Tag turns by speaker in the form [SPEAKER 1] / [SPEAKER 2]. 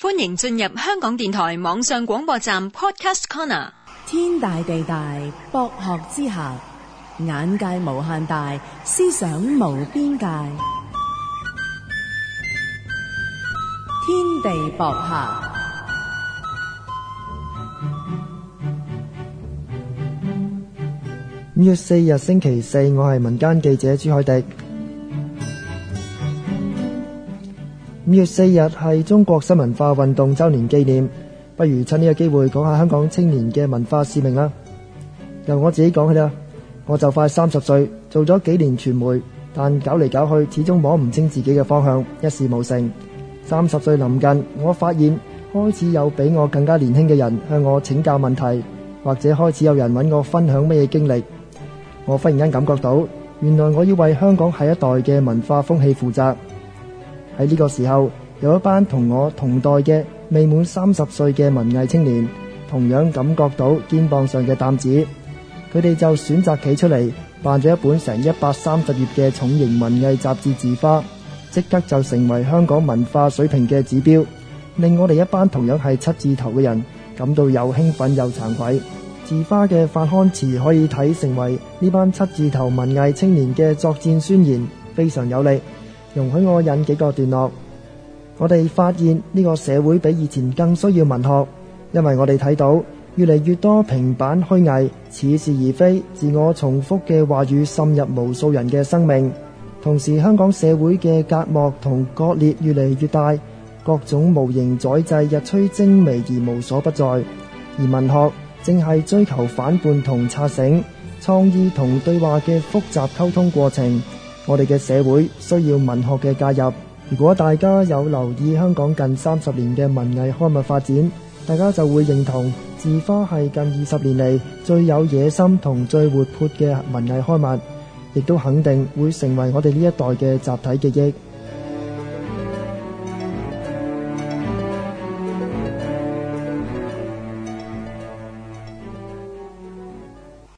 [SPEAKER 1] 歡迎進入香港電台網上廣播站 Podcast Corner。天大地大，博學之下，眼界無限大，思想無邊界。天地博客。五月四日星期四，我係民間記者朱凱迪。五月四日係中國新文化運動周年紀念，不如趁呢個機會講下香港青年嘅文化使命啦。由我自己講起啦，我就快三十歲，做咗幾年傳媒，但搞嚟搞去始終摸唔清自己嘅方向，一事無成。三十歲臨近，我發現開始有比我更加年輕嘅人向我請教問題，或者開始有人搵我分享乜嘢經歷。我忽然間感覺到，原來我要為香港下一代嘅文化風氣負責。喺呢個時候，有一班同我同代嘅未滿三十歲嘅文藝青年，同樣感覺到肩膀上嘅擔子，佢哋就選擇企出嚟辦咗一本成一百三十頁嘅重型文藝雜誌《字花》，即刻就成為香港文化水平嘅指標，令我哋一班同樣係七字頭嘅人感到又興奮又慚愧。字花嘅發刊詞可以睇成為呢班七字頭文藝青年嘅作戰宣言，非常有力。容許我引幾個段落，我哋發現呢個社會比以前更需要文學，因為我哋睇到越嚟越多平板虛偽、似是而非、自我重複嘅話語滲入無數人嘅生命。同時，香港社會嘅隔膜同割裂越嚟越大，各種無形宰制日趨精微而無所不在。而文學正係追求反叛同刷新、創意同對話嘅複雜溝通過程。我哋嘅社會需要文學嘅介入。如果大家有留意香港近三十年嘅文藝刊物發展，大家就會認同字花係近二十年嚟最有野心同最活潑嘅文藝刊物，亦都肯定會成為我哋呢一代嘅集體記憶。